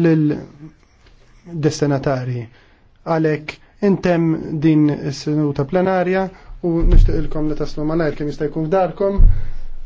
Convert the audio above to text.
l-destinatari. Għalek, intem din s sinuta plenarja u nishtiqilkom li taslu malajr kem jista' jkun f'darkom.